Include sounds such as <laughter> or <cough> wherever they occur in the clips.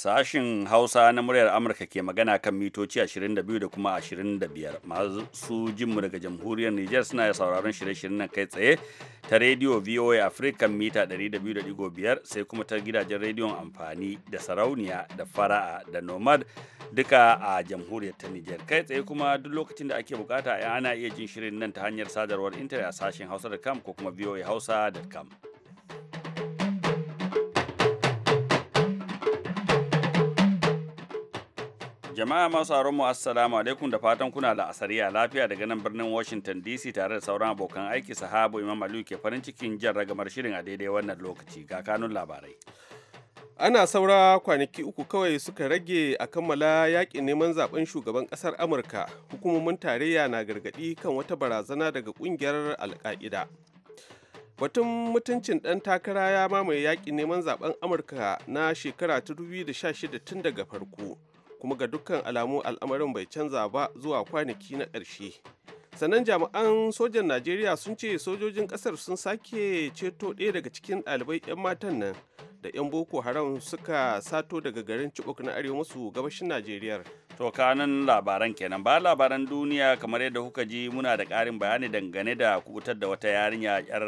Sashin Hausa na muryar Amurka ke magana kan mitoci 22 da kuma 25. Masu jinmu daga jamhuriyar niger suna ya sauraron shirye-shiryen nan kai tsaye ta rediyo VOA Africa mita 200.5 sai kuma ta gidajen rediyon amfani da sarauniya da fara'a da nomad duka a jamhuriyar ta niger Kai tsaye kuma duk lokacin da ake bukata ana iya jin shirin nan ta hanyar sadarwar intanet a sashin hausa.com ko kuma hausa.com Jama'a masu aron mu assalamu alaikum da fatan kuna da asariya lafiya daga nan birnin Washington DC tare da sauran abokan aiki sahabo Imam Aliyu ke farin cikin jan ragamar shirin a daidai wannan lokaci ga kanun labarai. Ana saura kwanaki uku kawai suka rage a kammala yakin neman zaben shugaban kasar Amurka. Hukumomin tarayya na gargadi kan wata barazana daga kungiyar alka'ida. Batun mutuncin ɗan takara ya mamaye yakin neman zaben Amurka na shekara ta 2016 tun daga farko. kuma ga dukkan alamu al'amarin bai canza ba zuwa kwanaki na ƙarshe sannan jami'an sojan najeriya sun ce sojojin ƙasar sun sake ceto ɗaya daga cikin ɗalibai 'yan matan nan da 'yan boko haram suka sato daga garin cibok na arewa masu gabashin najeriya to kanan labaran kenan ba labaran duniya kamar yadda kuka ji muna da karin bayani dangane da kubutar da wata yarinya yar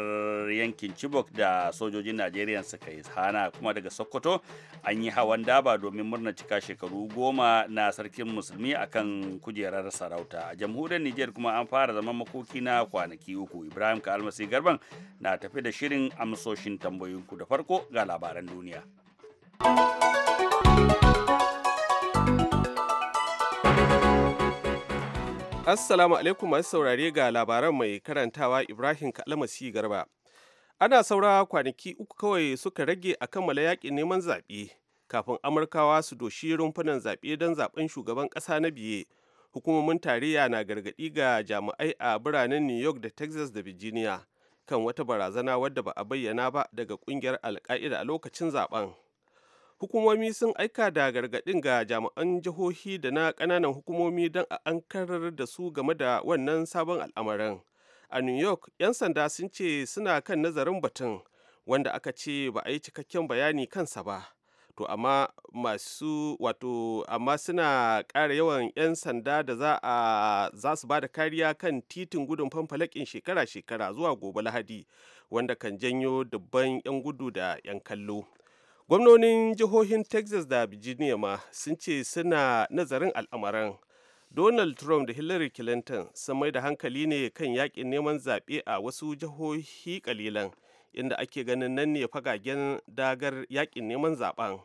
yankin chibok da sojojin najeriya suka yi hana kuma daga sokoto an yi hawan daba domin murna cika shekaru goma na sarkin musulmi akan kujerar sarauta a jamhuriyar niger kuma an fara zaman makoki na kwanaki uku ibrahim ka almasi garban na tafi da shirin amsoshin tambayoyinku da farko ga labaran labaran duniya. Assalamu alaikum masu saurare ga labaran mai karantawa Ibrahim Kalamasi Garba. Ana saura kwanaki uku kawai suka rage a kammala yakin neman zaɓe kafin Amurkawa su doshi rumfunan zaɓe don zaɓen shugaban ƙasa na biye. Hukumomin tarayya na gargaɗi ga jami'ai a biranen New York da Texas da Virginia kan wata barazana wadda ba a bayyana ba daga kungiyar alka'ida a lokacin zaben hukumomi sun aika da gargaɗin ga jami'an jihohi da na ƙananan hukumomi don a ankarar da su game da wannan sabon al'amarin a new york 'yan sanda sun ce suna kan nazarin batun wanda aka ce ba a yi cikakken bayani kansa ba to amma masu wato amma suna ƙara yawan 'yan sanda da za a za su ba da kariya kan titin gudun fanfalakin shekara-shekara zuwa gobe lahadi wanda kan janyo dubban 'yan gudu da 'yan kallo gwamnonin jihohin texas da virginia ma sun ce suna nazarin al'amaran donald trump da hillary clinton sun mai da hankali ne kan yakin neman zaɓe a wasu jihohi kalilan inda ake ganin nan ne fagagen dagar yakin neman zaben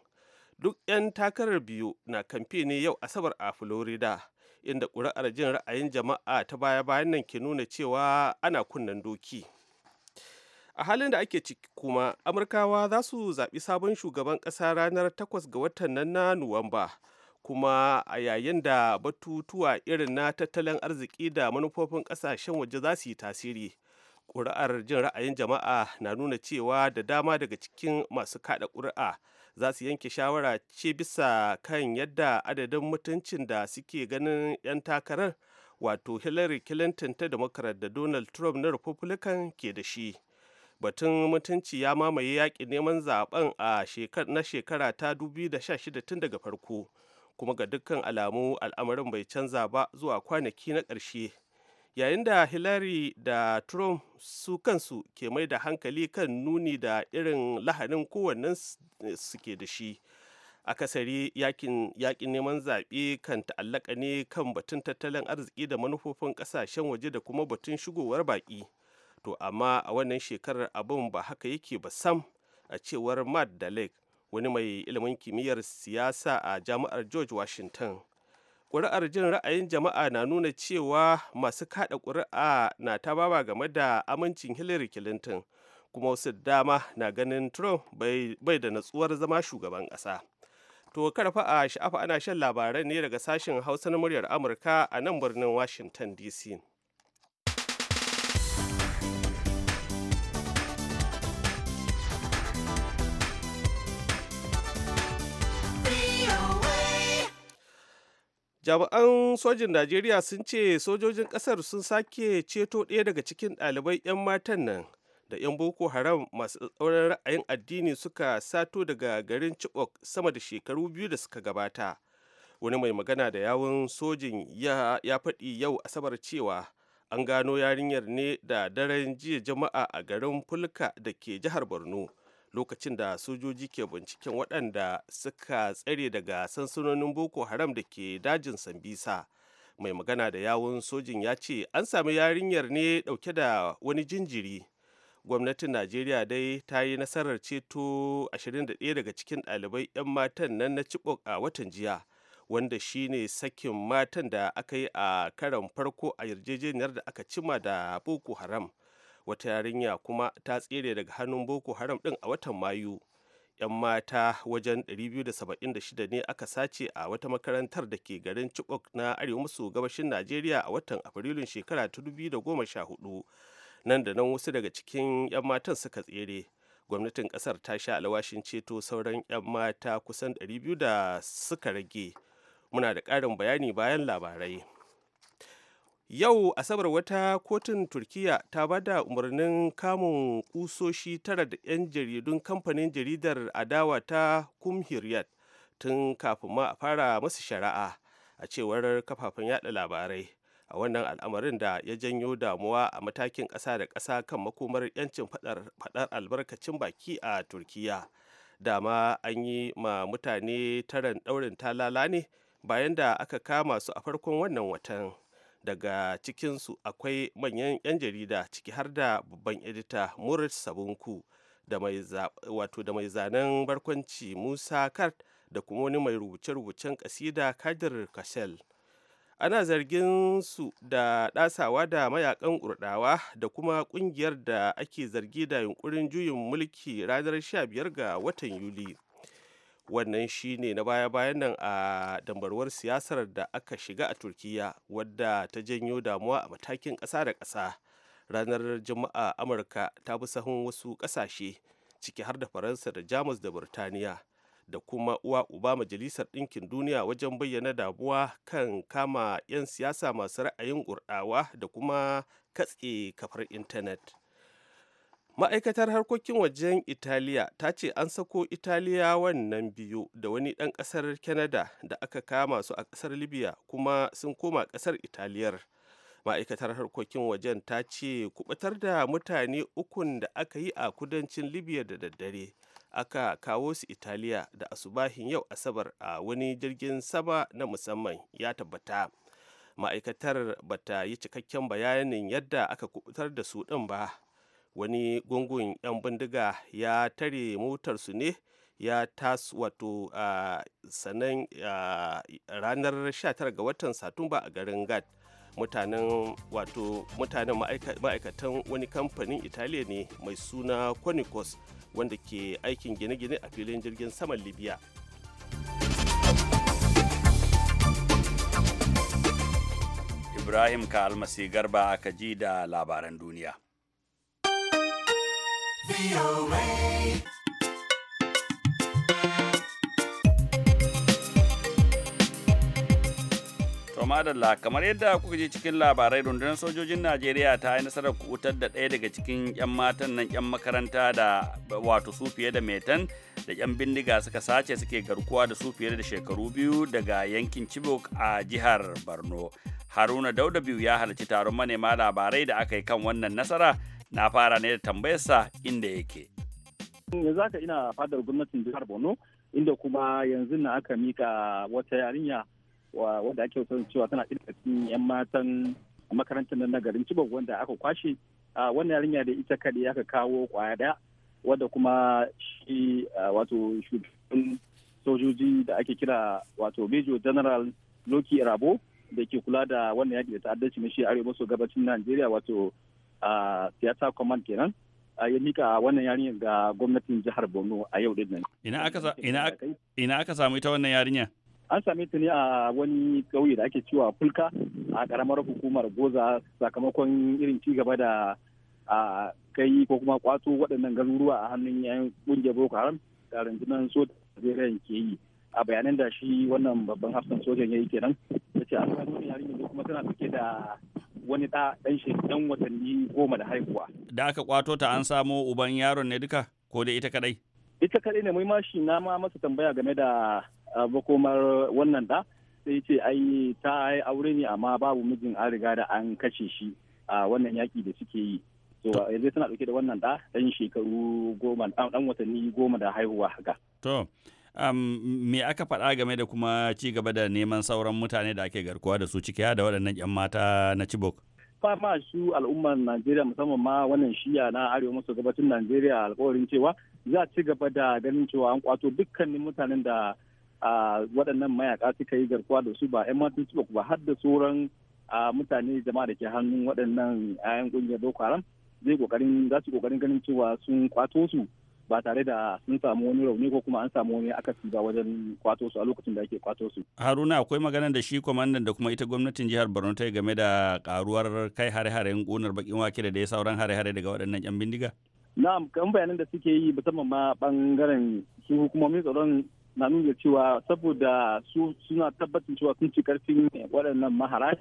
duk 'yan takarar biyu na kamfe ne yau asabar a florida inda ƙuri'ar jin ra'ayin jama'a ta baya-bayan nan ke nuna cewa ana kunnen doki a halin da ake ciki kuma amurkawa za su zaɓi sabon shugaban ƙasa ranar 8 ga watan nan na nuwamba kuma a yayin da batutuwa irin na tattalin arziki da manufofin ƙasashen waje za su yi tasiri ƙuri'ar jin ra'ayin jama'a na nuna cewa da dama daga cikin masu kaɗa ƙuri'a za su yanke shawara ce bisa kan yadda adadin mutuncin da suke ganin 'yan takarar wato hillary clinton ta democrat da donald trump na republican ke da shi batun mutunci ya mamaye yaƙi neman zaben a na shekara ta shida tun daga farko kuma ga dukkan alamu al'amarin bai canza ba zuwa kwanaki na ƙarshe yayin da hillary da trump su kansu ke mai da hankali kan nuni da irin lahanin kowannen eh, suke da shi akasari yakin yakin neman zaɓe kan ta'allaka ne kan batun tattalin arziki da manufofin ƙasashen waje da kuma batun shigowar baƙi to amma a wannan shekarar abin ba haka yake ba sam a cewar matt dalek wani mai ilimin kimiyyar siyasa a jami'ar george washington ƙuri'ar jin ra'ayin jama'a na nuna cewa masu kada ƙuri'a na ta baba game da amincin hillary clinton kuma wasu dama na ganin trump bai da natsuwar zama shugaban ƙasa to karfa a sha'afa ana shan labarai ne daga sashen hausa na muryar amurka a nan birnin washington dc jami'an sojin najeriya sun ce sojojin kasar sun sake ceto ɗaya daga cikin ɗalibai 'yan matan nan da 'yan boko haram masu tsauran ra'ayin addini suka sato daga garin chibok sama da shekaru biyu da suka gabata wani mai magana da yawun sojin ya, ya faɗi yau asabar cewa an gano yarinyar ne da daren jiya jama'a a garin fulka da ke jihar borno lokacin da sojoji ke binciken waɗanda suka tsare daga sansanonin boko haram da ke dajin sambisa mai magana da yawun sojin ya ce an sami yarinyar ne ɗauke da wani jinjiri gwamnatin najeriya dai ta yi nasarar ceto 21 daga cikin ɗalibai 'yan matan nan na cibok a watan jiya wanda shine sakin matan da aka yi a karan farko a yarjejeniyar da aka cima da boko haram wata yarinya kuma ta tsere daga hannun boko haram din a watan mayu yan mata wajen 276 ne aka sace a wata makarantar da ke garin chibok na arewa maso gabashin najeriya a watan afrilun shekara ta hudu. nan da nan wasu daga cikin yan matan suka tsere gwamnatin kasar ta sha alwashin ceto sauran 'yan mata kusan 200 da suka rage muna da ƙarin bayani bayan labarai yau asabar wata kotun turkiya ta bada umarnin kamun kusoshi tara da 'yan jaridun kamfanin jaridar adawa ta kumhiriyat tun kafin ma a fara masu shari'a a cewar kafafen yada labarai a wannan al'amarin da ya janyo damuwa a matakin ƙasa da ƙasa kan makomar 'yancin faɗar albarkacin baki a turkiya dama an yi ma mutane taron ɗaurin talala ne bayan da aka kama su a farkon wannan watan. daga cikinsu akwai manyan 'yan jarida ciki har da babban edita murid sabunku da mai zanen barkwanci musa kart da kuma wani mai rubuce-rubucen kasida kadir kashel ana zargin su da ɗasawa da mayakan kurdawa da kuma ƙungiyar da ake zargi da yunkurin juyin mulki ranar 15 ga watan yuli wannan shi ne na baya-bayan nan a dambarwar siyasar da aka shiga a turkiya wadda ta janyo damuwa a matakin ƙasa da ƙasa ranar juma'a amurka ta fi sahun wasu ƙasashe ciki har da faransa da jamus da burtaniya da kuma uwa uba majalisar ɗinkin duniya wajen bayyana damuwa kan kama 'yan siyasa masu ra'ayin ƙurɗawa da kuma katse kafar intanet. ma'aikatar harkokin wajen italiya ta ce an sako italiyawan nan biyu da wani ɗan ƙasar canada da aka kama su a ƙasar libya kuma sun koma ƙasar italiyar ma'aikatar harkokin wajen ta ce kubatar da mutane ukun da aka yi a kudancin libya da daddare aka kawo su italiya da asubahin yau asabar a wani jirgin sama na musamman ya tabbata ma'aikatar bata yi cikakken bayanin yadda aka kubutar da su ɗin ba wani gungun 'yan bindiga ya tare motarsu ne ya tas wato sanan ranar 19 ga watan satumba a garin gad mutanen wato mutanen ma'aikatan wani kamfanin italiya ne mai suna conicos wanda ke aikin gine-gine a filin jirgin saman libya ibrahim ka almasi garba aka ji da labaran duniya madalla kamar yadda kuka je cikin labarai rundunar sojojin najeriya ta yi nasarar wutar da ɗaya daga cikin 'yan matan nan 'yan makaranta da wato su fiye da metan da 'yan bindiga suka sace suke garkuwa da su fiye da shekaru biyu daga yankin chibok a jihar borno haruna dauda biyu ya halarci taron manema labarai da aka yi kan wannan nasara na fara ne da tambayarsa inda yake yanzu haka ina fadar gwamnatin jihar borno inda kuma yanzu na aka mika wata yarinya wadda ake son cewa tana ɗin cikin 'yan matan makarantar nan na garin cibok wanda aka kwashe wannan yarinya da ita kaɗai aka kawo kwaya ɗaya wadda kuma shi wato shugaban sojoji da ake kira wato major general loki rabo da ke kula da wannan yaki da ta'addanci na shi arewa maso gabacin najeriya wato siyasa command kenan ya mika wannan yarinya ga gwamnatin jihar borno a yau din nan ina aka samu ita wannan yarinya an same ta ne a wani ƙauye da ake cewa fulka a ƙaramar hukumar goza sakamakon irin ci gaba da kai ko kuma kwato waɗannan garuruwa a hannun yayin ƙungiyar boko haram da rundunar sojan najeriya ke yi a bayanan da shi wannan babban hafsan sojan ya yi kenan ya ce an gano yarinya kuma tana ɗauke da wani ɗa ɗan dan watanni goma da haihuwa. Da aka kwato ta an samo uban yaron ne duka ko da ita kadai? Ita kadai ne muhimmanci na ma masa tambaya game da bakomar ah, wannan da sai ce ai ta yi aure ne amma babu mijin an riga da an kashe shi a wannan yaki da suke yi. So yanzu tana dauke da wannan da ɗan shekaru goma dan watanni goma da haihuwa haka. To. Um, me aka faɗa game da kuma ci gaba da neman sauran mutane da ake garkuwa da su ciki da waɗannan 'yan mata na Chibok? Fama su al'ummar Najeriya musamman ma wannan shiya na arewa maso gabacin Najeriya alkawarin cewa za ci gaba da ganin cewa an kwato dukkanin mutanen da waɗannan mayaka suka yi garkuwa da su ba 'yan matan Chibok ba har da sauran mutane jama'a da ke hannun waɗannan 'ya'yan ƙungiyar Boko Haram zai kokarin za su ƙoƙarin ganin cewa sun kwato su ba tare da sun samu wani rauni ko kuma an samu wani akasi ba wajen kwato su a lokacin da ake kwato su. Haruna akwai maganar da shi kwamandan da kuma ita gwamnatin jihar Borno ta yi game da karuwar kai hare-haren ƙunar bakin wake da dai sauran hare-hare daga waɗannan 'yan bindiga? Na'am, kan bayanan da suke yi musamman ma bangaren su hukumomin tsaron na nuna cewa saboda su suna tabbatin cewa sun ci karfin waɗannan mahara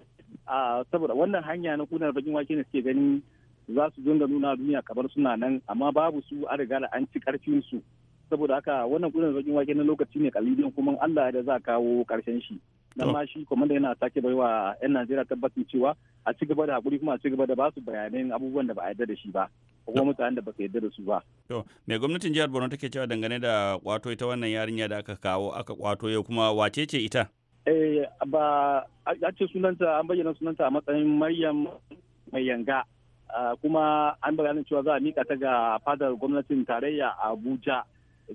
saboda wannan hanya na kunar bakin wake ne suke ganin za su dinga nuna duniya kamar suna nan amma babu su an riga da an ci karfin su saboda haka wannan gudun zagin wake na lokaci ne kalilin kuma Allah da za kawo karshen shi nan ma shi komanda yana sake baiwa yan Najeriya tabbacin cewa a ci gaba da hakuri kuma a ci gaba da basu bayanan abubuwan da ba a yarda da shi ba kuma mutanen da ba su yarda da su ba to me gwamnatin jihar Borno take cewa dangane da kwato ita wannan yarinya da aka kawo aka kwato yau kuma wace ce ita eh ba a ce sunanta an bayyana sunanta a matsayin Maryam mai yanga Ah, kuma an bayanin cewa za a mika ta ga fadar gwamnatin tarayya a abuja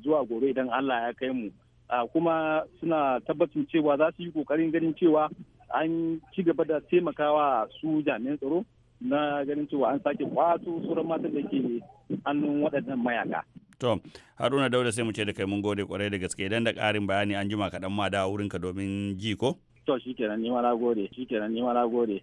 zuwa gobe idan allah ya kai mu ah, kuma suna tabbacin cewa za su yi kokarin ganin cewa an ci gaba da taimakawa su jami'an tsaro na ganin cewa an sake kwato sauran mata da ke hannun waɗannan mayaka. To, Haruna Dauda sai mu ce da kai mun gode kwarai da gaske idan da ƙarin bayani an jima kaɗan ma da wurinka domin ji ko? To, shi kenan ni ma na gode, shi ni ma na gode.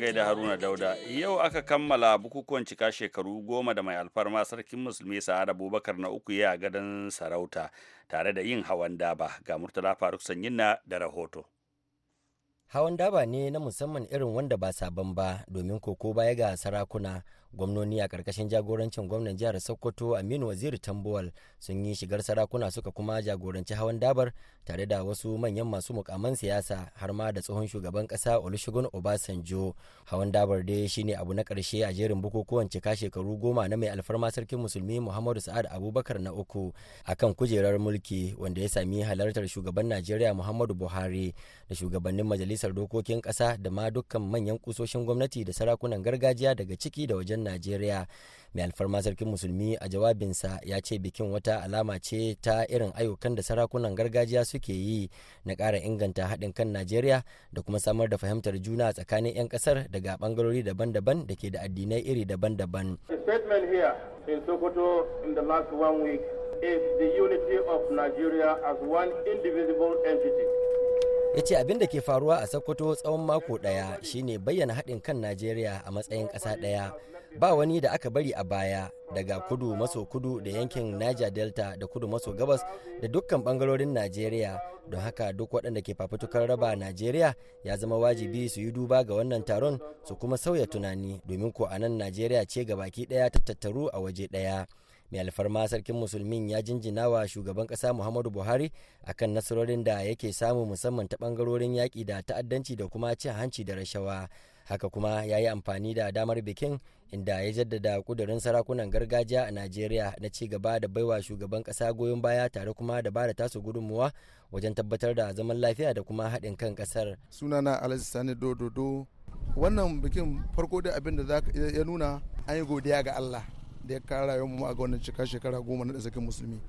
gaida Haruna Dauda yau aka kammala bukukuwan cika shekaru goma da mai alfarma sarkin musulmi Sa'ad Abubakar na uku ya gadon sarauta tare da yin hawan daba ga Murtala Faruk Sanyinna da rahoto hawan daba ne na musamman irin wanda ba sabon ba domin koko baya ga sarakuna gwamnoni a ƙarƙashin jagorancin gwamnan jihar sokoto aminu waziri tambuwal sun yi shigar sarakuna suka kuma jagoranci hawan dabar tare da wasu manyan masu mukaman siyasa har ma da tsohon shugaban ƙasa olusegun obasanjo hawan dabar dai shine abu na ƙarshe a jerin bukukuwan cika shekaru goma na mai alfarma sarkin musulmi muhammadu sa'ad abubakar na uku akan kujerar mulki wanda ya sami halartar shugaban najeriya muhammadu buhari da shugabannin majalisar dokokin ƙasa da ma dukkan manyan kusoshin gwamnati da sarakunan gargajiya daga ciki da wajen najeriya mai alfarma sarkin musulmi a jawabinsa ya ce bikin wata alama ce ta irin ayyukan da sarakunan gargajiya suke yi na ƙara inganta haɗin kan najeriya da kuma samar da fahimtar juna tsakanin 'yan ƙasar daga bangarori daban-daban da ke da addinai iri daban-daban unity of Nigeria as ya ce abin da ke faruwa a sokoto tsawon mako ɗaya shine bayyana haɗin kan najeriya a matsayin ƙasa ɗaya ba wani da aka bari a baya daga kudu maso kudu da yankin niger delta da kudu maso gabas da dukkan bangarorin najeriya don haka duk waɗanda ke fafutukar raba najeriya ya zama wajibi su yi duba ga wannan taron su kuma sauya tunani domin ko anan najeriya ce ga baki ɗaya ta tattaru a waje ɗaya mai alfarma sarkin musulmin ya jinjina wa shugaban kasa muhammadu buhari akan nasarorin da yake samu musamman ta bangarorin yaƙi da ta'addanci da kuma cin hanci da rashawa haka kuma ya yi amfani da damar bikin inda ya jaddada kudurin sarakunan gargajiya a najeriya na ci gaba da baiwa shugaban kasa goyon baya tare kuma da ba da tasu gudunmuwa wajen tabbatar da zaman lafiya da kuma haɗin kan kasar sunana alhaji sani dododo wannan bikin farko da abin da ya nuna an yi godiya ga allah da ya kara mu a ga wannan cika shekara goma na tsakin musulmi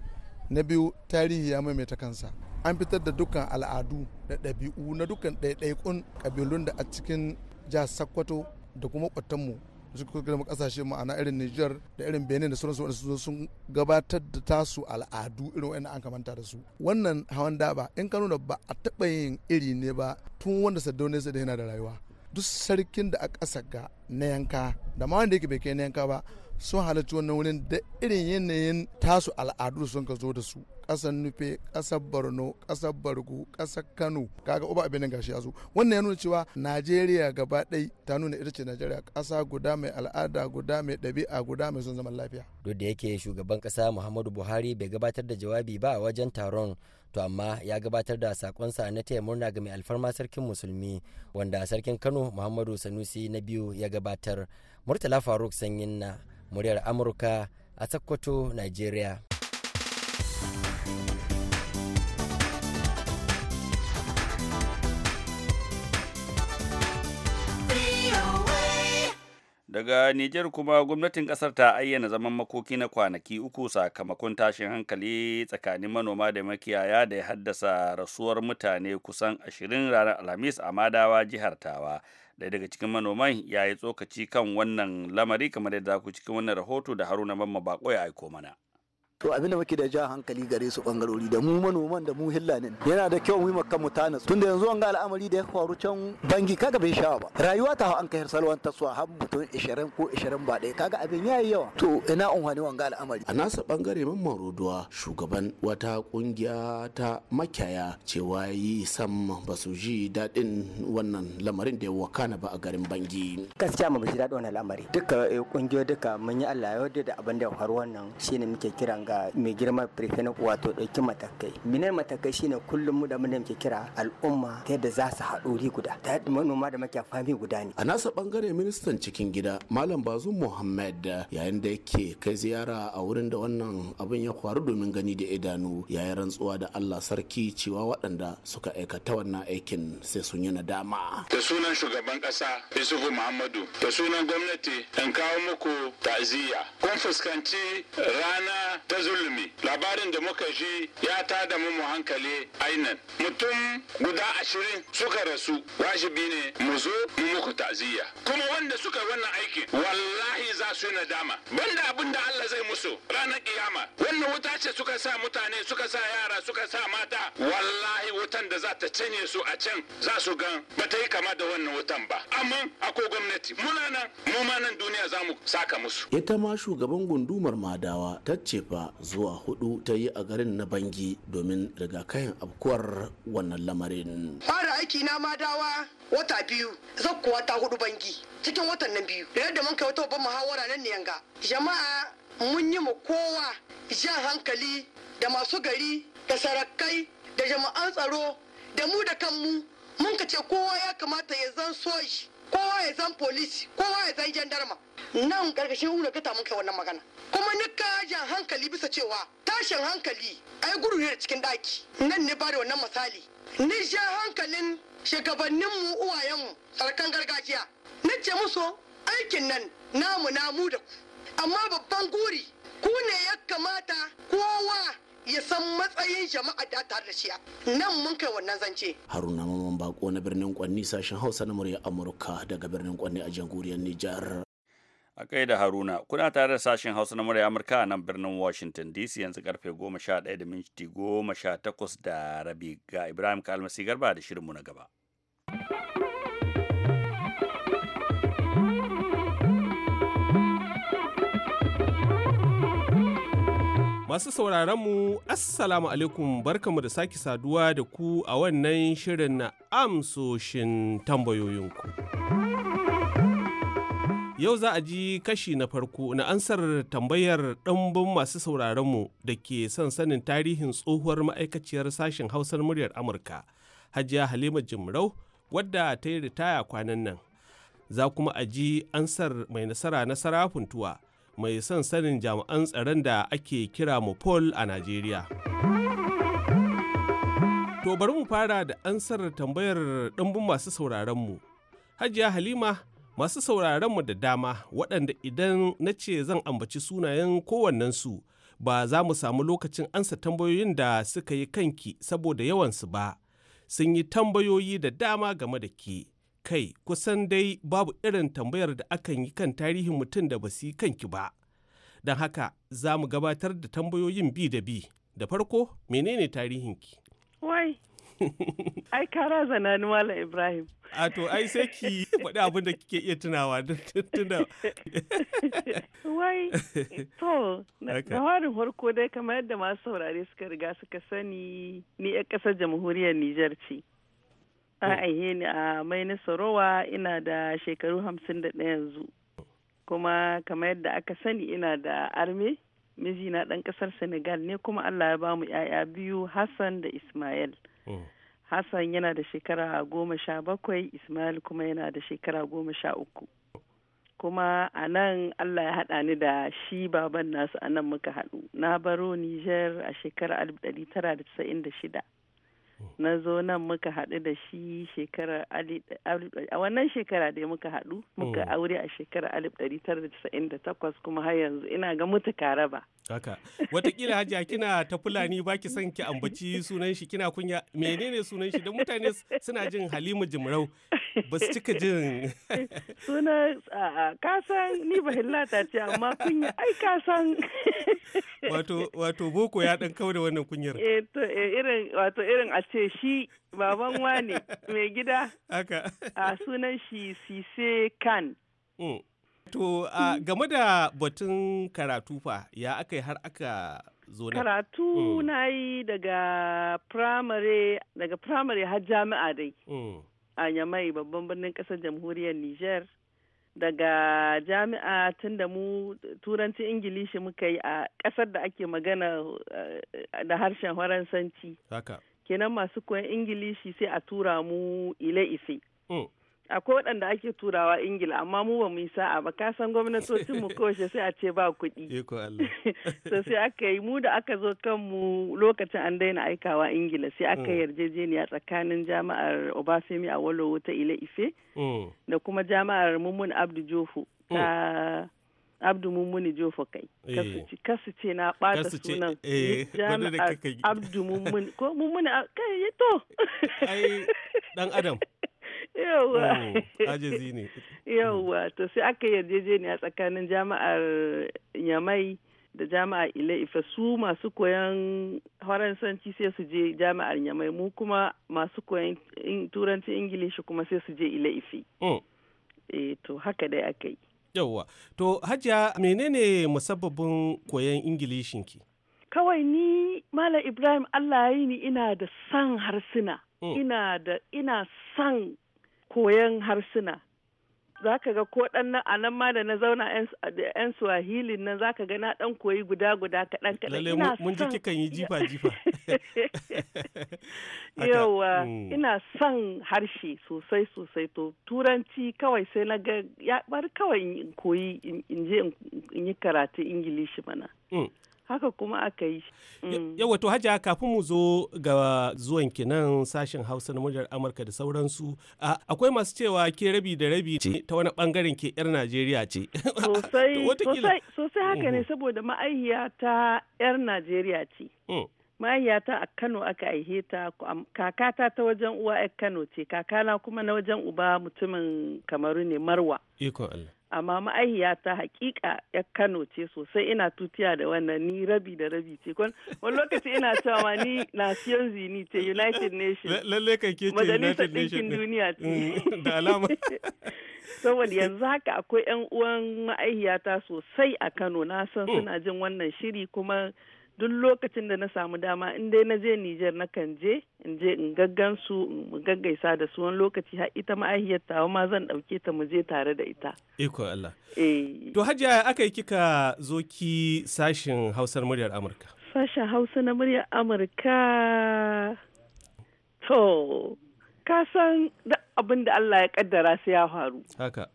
na biyu tarihi ya maimaita kansa an fitar da dukkan al'adu da ɗabi'u na dukkan ɗaiɗaikun ƙabilun da a cikin jihar sakwato da kuma kwatanmu su kuma kasashe ma'ana irin Niger da irin Benin da sauransu sun gabatar da tasu al'adu irin wanda an kamanta da su wannan hawan daba in ka nuna ba a taɓa yin iri ne ba tun wanda sai da yana da rayuwa duk sarkin da a ƙasa ga na yanka da ma wanda yake bai kai na yanka ba sun halarci wannan wurin da irin yanayin tasu al'adu sun ka zo da su ƙasar nufe ƙasar borno ƙasar bargu ƙasar kano kaga uba abin gashi ya wannan ya nuna cewa najeriya gaba ɗai ta nuna ita ce najeriya ƙasa guda mai al'ada guda mai ɗabi'a guda mai son zaman lafiya duk da yake shugaban ƙasa muhammadu buhari bai gabatar da jawabi ba a wajen taron to amma ya gabatar da sakonsa na taya murna ga mai alfarma sarkin musulmi wanda sarkin kano muhammadu sanusi na biyu ya gabatar murtala faruk sanyin na muryar amurka a sakkwato nigeria daga niger kuma gwamnatin kasar ta ayyana zaman makoki na kwanaki uku sakamakon tashin hankali tsakanin manoma da makiyaya da ya haddasa rasuwar mutane kusan ashirin ranar alhamis a madawa jihar tawa ɗaya daga cikin manoman ya yi tsokaci kan wannan lamari kamar yadda ku cikin wannan rahoto da haruna mamma bako ya aiko mana to abin da muke da ja hankali gare su bangarori da mu manoman da mu hillanin yana da kyau mu makan mu tana tun da yanzu an ga al'amari da ya faru can bangi kaga bai sha ba rayuwa ta an kai salwan ta suwa har mutum 20 ko 20 ba ɗaya kaga abin ya yi yawa to ina wani wanga al'amari a nasa bangare mamman roduwa shugaban wata kungiya ta makiyaya cewa yi sam ba su ji daɗin wannan lamarin da ya wakana ba a garin bangi gaskiya mu ba ji daɗin wannan al'amari duka kungiyoyi eh, duka mun yi Allah ya yarda da abin da ya faru wannan shine muke kira ga mai girma prefen wato ɗauki matakai minai matakai shine kullum mu da mun kira al'umma ta yadda za su haɗu guda ta yadda manoma da makyafami guda ne a nasa bangare ministan cikin gida malam bazum muhammad yayin da yake kai ziyara a wurin da wannan abin ya faru domin gani da idanu yayin rantsuwa da allah sarki cewa waɗanda suka aikata wannan aikin sai sun yi nadama da sunan shugaban ƙasa yusufu muhammadu da sunan gwamnati in kawo muku Taziya, kun fuskanci rana ta zulumi labarin da muka ji ya ta da mu hankali ainan mutum guda ashirin suka rasu wajibi ne mu zo mu muku ta'aziyya kuma wanda suka wannan aiki wallahi za su yi nadama banda abin da Allah zai musu ranar kiyama wannan wuta ce suka sa mutane suka sa yara suka sa mata wallahi wutan da za ta cinye su a can za su gan ba ta yi kama da wannan wutan ba amma akwai gwamnati muna nan mu ma nan duniya za mu saka musu ita ma shugaban gundumar madawa ta ce fa zuwa hudu ta yi a garin na bangi domin rigakafin afkuwar wannan lamarin fara aiki na ma dawa wata biyu zan kuwa ta hudu bangi cikin watan nan biyu da yadda mun kai wata babban muhawara nan ne yanga jama'a mun yi mu kowa jan hankali da masu gari da sarakai da jama'an tsaro da mu da kanmu mun ka ce kowa ya kamata ya zan soji kowa ya zan polisi kowa ya zan jandarma nan ƙarƙashin ula ka mun kai wannan magana kuma ni ka jan hankali bisa cewa tashin hankali ai gudu ne cikin daki nan ne ba da wannan misali ni sha hankalin uwayen mu sarkan gargajiya ni ce musu aikin nan namu namu da ku amma babban guri ku ne ya kamata kowa ya san matsayin jama'a da tare da shiya nan mun kai wannan zance haruna mamman bako na birnin kwanni sashen hausa na murya amurka daga birnin kwanni a jamhuriyar nijar a da haruna kuna tare da sashen hausa na murya amurka a nan birnin washington dc yanzu karfe 11 da minti 18 da rabi ga ibrahim kalmasi garba da shirinmu na gaba Masu sauraronmu mu Assalamu alaikum barkamu da sake saduwa da ku a wannan shirin na amsoshin tambayoyinku. Yau za a ji kashi na farko na ansar tambayar ɗanbin masu sauraronmu da ke son sanin tarihin tsohuwar ma'aikaciyar sashen Hausar muryar Amurka, Hajiya Halima Jimrau, wadda ta yi ritaya kwanan nan. Za kuma a ji ansar mai nasara na sarafuntuwa mai son sanin jami'an tsaron da ake kira Mopol a Najeriya. To bari mu fara da ansar tambayar ɗanbin masu sauraronmu. Hajiya Halima masu sauraronmu da dama waɗanda idan na ce zan ambaci sunayen kowannensu ba za mu samu lokacin ansa tambayoyin da suka yi kanki saboda yawansu ba sun yi tambayoyi da dama game da ke kai kusan dai babu irin tambayar da akan yi kan tarihin mutum da ba su yi kanki ba don haka za mu gabatar da tambayoyin bi da bi da farko menene tarihinki wai Ai kara ni Mala Ibrahim. A to ai sai ki faɗi abin da kike iya tunawa tunda. Wai to na farin farko dai kamar yadda masu saurare suka riga suka sani ni a ƙasar jamhuriyar Nijar ce. A oh. aihe ni a Maini Sarowa ina da shekaru hamsin da ɗaya yanzu. Kuma kamar yadda aka sani ina da arme. mijina ɗan ƙasar senegal ne kuma allah ya bamu 'ya'ya biyu hassan da ismail Mm. Hassan yana da shekara goma sha bakwai, Ismail kuma yana da shekara goma sha uku. Kuma a nan Allah ya haɗa ni da shi baban nasu a nan muka haɗu. Na baro Nijar a shekarar 1996. Mm. Na zo nan muka haɗu da shi shekarar a wannan shekara da muka haɗu, muka mm. aure a shekarar 1998 kuma har yanzu ina ga mutu ba. Haka. Watakila hajiya kina ta Fulani ba ki son ki ambaci sunan shi kina kunya menene sunan shi don mutane suna jin Halima Jimrau ba su cika jin. <laughs> Suna kasan ni ba hillata ce amma kunya ai kasan. <laughs> Wato wato boko ya dan da wannan kunyar. Eh to eh, irin wato irin a ce shi baban wane mai gida. Haka. A sunan shi Sise Kan. Mm. To uh, game da batun karatu fa ya aka yi har aka zo Karatu mm. na yi daga primary har jami'a dai. Mm. A Yamai babban birnin ƙasar jamhuriyar Niger. Daga jami'a tun da mu turanci Ingilishi muka yi a ƙasar da ake magana eh, da harshen Faransanci. Haka. Kenan masu koyan Ingilishi sai a tura mu ile ise akwai waɗanda ake turawa ingila amma mu ba mu yi sa'a ba ka san gwamnatocin mu koshe sai a ce ba kuɗi <laughs> <laughs> so sai aka yi mu da aka zo kan mu lokacin an daina aikawa ingila sai aka mm. yarjejeniya tsakanin jami'ar obafemi a walowo ta ile ife mm. da kuma jami'ar mummun abdu jofu mm. ta abdu mummuni jofo kai eh. kasu ce na bata sunan eh, jami'ar abdu mummuni ko mummuni kai to ai dan adam <laughs> yawwa ajizi ne yawwa to sai aka yarjejeniya tsakanin jama'ar yamai da jama'ar ile ife su masu koyan faransanci sai su je jama'ar yamai mu kuma masu koyan turanci ingilishi kuma sai su je ile ife. Hmm. Eh, to haka dai aka yi yawwa to hajiya menene musabbabin koyan ingilishinki kawai ni mala ibrahim allah ya yi ni ina da san harsuna hmm. ina da ina san koyan harsuna za ka ga ko ɗan a nan ma da na zauna yan swahili nan za ka ga na ɗan koyi guda guda kaɗan kaɗan ina mun ji kikan yi jifa <laughs> jifa <laughs> yawa mm. ina son harshe sosai sosai to turanci kawai sai na ga ya bar kawai in koyi in je in yi karatu ingilishi mana mm. haka kuma aka yi. Mm. Yawa to kafin mu zo ga zuwan kinan sashen Hausa na muryar Amurka da sauransu. Akwai masu cewa ke rabi da rabi ce ta wani bangaren ke 'yar Najeriya ce. <laughs> Sosai haka ne mhm. saboda ma'aihiya ta 'yar Najeriya ce. Mm. ta a Kano aka aihe ta kakata ta wajen uwa Kano ce kakana kuma na wajen uba mutumin Kamaru ne Marwa. Ikon Allah. amma ma'ahiya ta hakika ya kano ce sosai ina tutiya da wannan ni rabi da rabi ce kwan wani lokaci ina cewa ma ni nation zini ce united nations lalle kai ke ce united nations duniya ce mm, da alama <laughs> saboda yanzu haka akwai yan uwan ma'ahiya ta sosai a kano na san oh. suna jin wannan shiri kuma duk lokacin da na samu dama in dai na je Nijar na kan je in je in gaggan su in gaggaisa da su wani lokaci har ita ma'ahiyar tawa ma zan ɗauke ta mu je tare da ita. Iko Allah. Eh. To Hajiya aka yi kika zo ki sashin Hausar muryar Amurka. Sashen Hausa na muryar Amurka. To ka abin da Allah ya kaddara sai ya faru. Haka.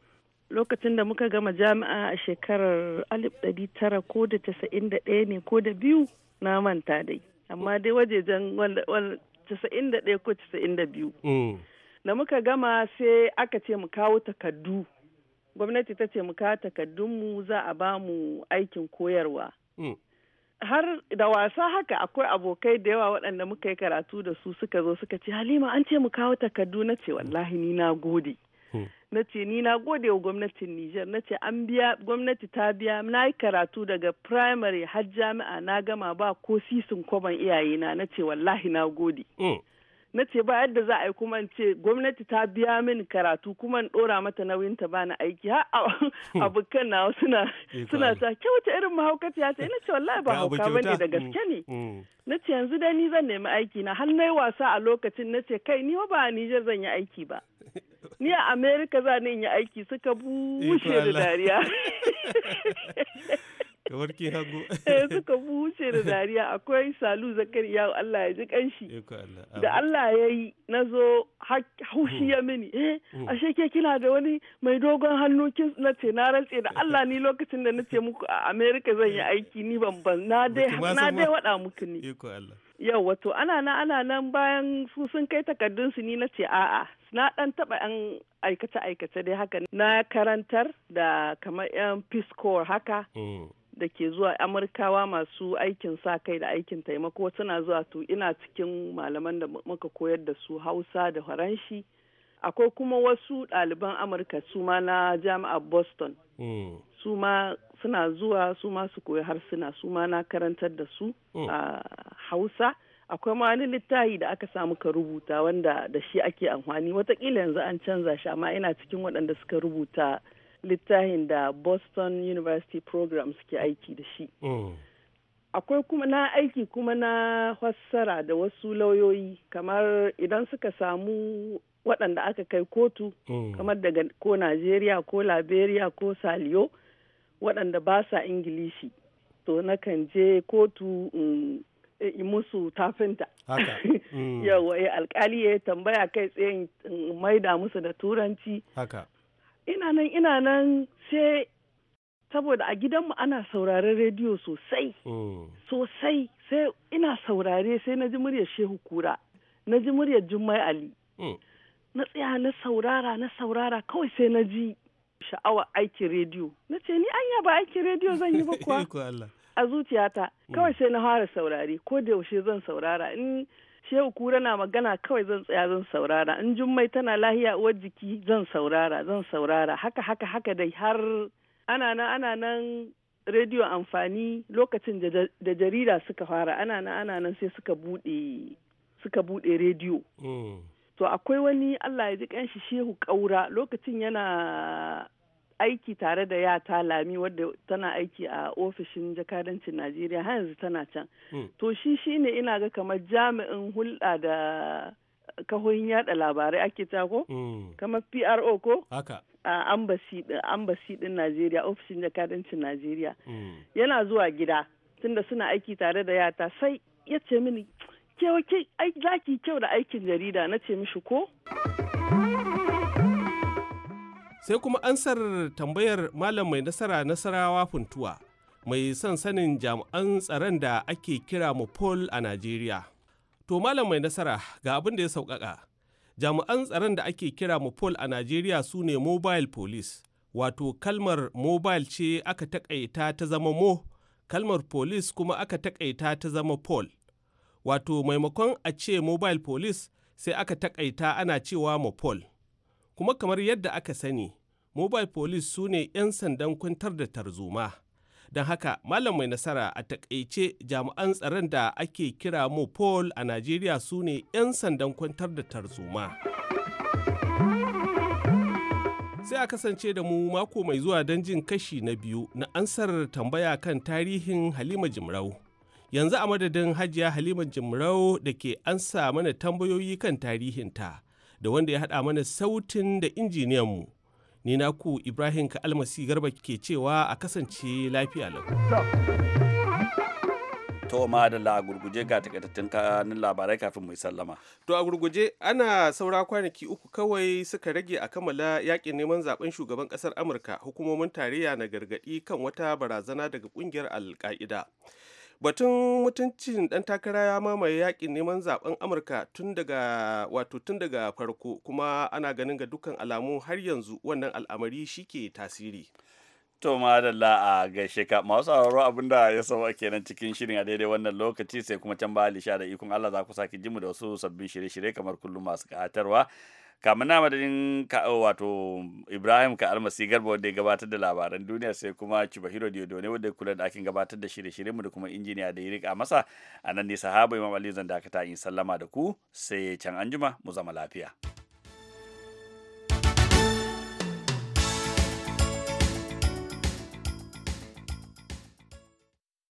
lokacin da muka gama jami'a a shekarar 1991 ko da ne ko da biyu na manta dai amma dai wajejen 91 ko 92 mm. da muka gama sai aka ce mu kawo takardu gwamnati ta ce mu kawo mu za a ba mu aikin koyarwa mm. har da wasa haka akwai abokai da yawa waɗanda muka yi karatu da su suka zo suka ce halima an ce mu kawo takardu na ce wallahi ni na gode na ce ni na gode wa gwamnatin Nijar na ce an biya gwamnati ta biya na yi karatu daga primary har jami'a na gama ba ko sisin kwaban iyaye na ce wallahi na gode. Mm. Na ce ba yadda za a yi kuma ce gwamnati ta biya min karatu kuma in dora mata nauyin ta bani aiki ha hmm. abokan na suna suna ta kyauta irin irin mahaukaciya ce na ce wallahi ba hauka bane da hmm. gaske ne. Hmm. Na ce yanzu dai ni zan nemi aiki na har na yi wasa a lokacin na ce kai ni ba a Nijar zan yi aiki ba. <laughs> ni a Amerika za ni yi aiki suka bushe da dariya <laughs> kamar ke hagu <laughs> eh suka bushe da dariya akwai salu zakari ya Allah ya ji kanshi da Allah ya yi na zo haushi ya mm. mini eh mm. ashe ke kina da wani mai dogon hannu kin na ce na rantse da Allah ni <laughs> lokacin da na ce muku a Amerika zan yi aiki ni ban na dai na wada muku ni iko yau wato ana nan ana nan bayan su sun kai takardun su ni na ce a'a na dan taba yan aikace aikace dai haka na karantar da kamar yan peace corps haka mm. da ke zuwa amurkawa masu aikin sa kai da aikin taimako suna zuwa to ina cikin malaman da muka koyar da su hausa da faranshi akwai kuma wasu ɗaliban amurka su ma na jami'ar boston mm. su ma suna zuwa su ma su koyi harsuna su ma na karantar da su mm. a hausa akwai ma wani littafi da aka samu ka rubuta wanda da shi ake amfani watakila yanzu an canza shi amma ina cikin waɗanda suka rubuta littafin da boston university program suke aiki da shi mm. akwai kuma na aiki kuma na fassara da wasu lauyoyi kamar idan suka samu waɗanda aka kai kotu mm. kamar daga ko najeriya ko liberia ko saliyo waɗanda ba sa ingilishi to nakan je kotu in musu tafinta <laughs> mm. yawa eh, alkali ya tambaya kai tsaye maida musu da turanci ina nan ina nan sai saboda a gidanmu ana sauraren rediyo sosai mm. sosai sai ina saurare sai na ji muryar shehu kura na ji muryar jummai ali mm. na tsaya na saurara na saurara kawai sai na ji sha'awar aikin rediyo na ce ni anya ba aikin rediyo zan yi ba kuwa <laughs> a zuciyata kawai mm. sai na fara saurare ko da yaushe zan saurara in shehu kura na magana kawai zan tsaya zan saurara in jummai tana lahiya uwar jiki zan saurara zan saurara haka haka haka dai har ana nan ana nan rediyo amfani lokacin da jarida suka fara ana nan ana nan sai suka bude suka bude rediyo mm. to akwai wani Allah ya ji kanshi shehu kaura lokacin yana aiki tare da yata lami wadda tana aiki a ofishin jakadancin najeriya har yanzu tana can hmm. to shi shine ina ga kamar jami'in hulɗa da kahohin yada labarai ake ta ko hmm. kamar pro ko a ambasi din najeriya ofishin jakadancin najeriya hmm. yana zuwa gida tunda suna aiki tare da yata sai ya ce mini kyau zaki kyau da aikin jarida na ce mishi ko sai kuma ansar tambayar malam mai nasara nasarawa funtuwa mai son sanin jami'an tsaron da ake kira mu pol a najeriya to malam mai nasara ga abin da ya sauƙaƙa jami'an tsaron da ake kira mu pol a najeriya su ne mobile police wato kalmar mobile ce aka taƙaita ta zama mo kalmar police kuma aka taƙaita ta zama pol wato maimakon a ce mobile police sai aka taƙaita ana cewa pol kuma kamar yadda aka sani mobile police su ne 'yan sandan kwantar da tarzoma don haka malam mai nasara a takaice jami'an tsaron da ake kira mopol a najeriya su ne 'yan sandan kwantar da tarzoma sai a kasance da mu mako mai zuwa don jin kashi na biyu na ansar tambaya kan tarihin halima jimrau yanzu a madadin hajiya halima jimrau da ke ansa mana tambayoyi kan tarihinta. da wanda ya haɗa mana sautin da mu Ni ku Ibrahim almasi Garba ke cewa a kasance lafiya lau. to ma da la gurguje ga takaitattun kanin labarai kafin mu sallama. To a gurguje ana saura kwanaki uku kawai suka rage a kammala yakin neman zaben shugaban kasar Amurka hukumomin tarayya na gargadi kan wata barazana daga kungiyar alka'ida batun mutuncin dan takara ya mamaye yakin neman zaben amurka tun daga wato tun daga farko kuma ana ganin ga dukkan alamu har yanzu wannan al'amari ke tasiri to madalla a gaishe ka masu sauraro abinda ya sauwa kenan cikin shirin a daidai wannan lokaci sai kuma can ba da ikon Allah za ku sake jimu da wasu sabbin shirye-shirye kamar kullum masu katarwa kamin na madadin eh, wato ibrahim ka almasi garba wanda ya gabatar da labaran duniya sai kuma cibahiro diodone wanda ya kula da akin gabatar da shirye-shiryen mu da kuma injiniya da ya rika masa a nan ne sahaba imam ali zan dakata in sallama da ku sai can anjima mu zama lafiya